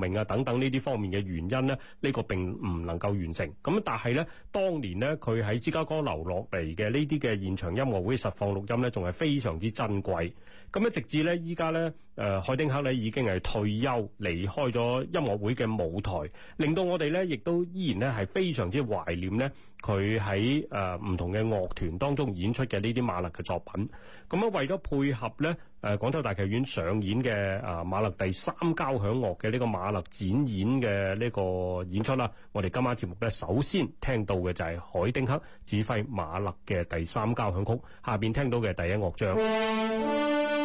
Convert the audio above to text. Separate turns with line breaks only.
明啊等等呢啲方面嘅原因咧，呢、呢個並唔能夠完成。咁但係咧，當年咧佢喺芝加哥留落嚟嘅呢啲嘅現場音樂會實況錄音咧，仲係非常之珍貴。咁咧直至咧依家咧。誒，海丁克咧已經係退休離開咗音樂會嘅舞台，令到我哋呢亦都依然呢係非常之懷念呢佢喺誒唔同嘅樂團當中演出嘅呢啲馬勒嘅作品。咁啊為咗配合呢誒廣州大劇院上演嘅誒馬勒第三交響樂嘅呢個馬勒展演嘅呢個演出啦，我哋今晚節目呢首先聽到嘅就係海丁克指揮馬勒嘅第三交響曲，下邊聽到嘅第一樂章。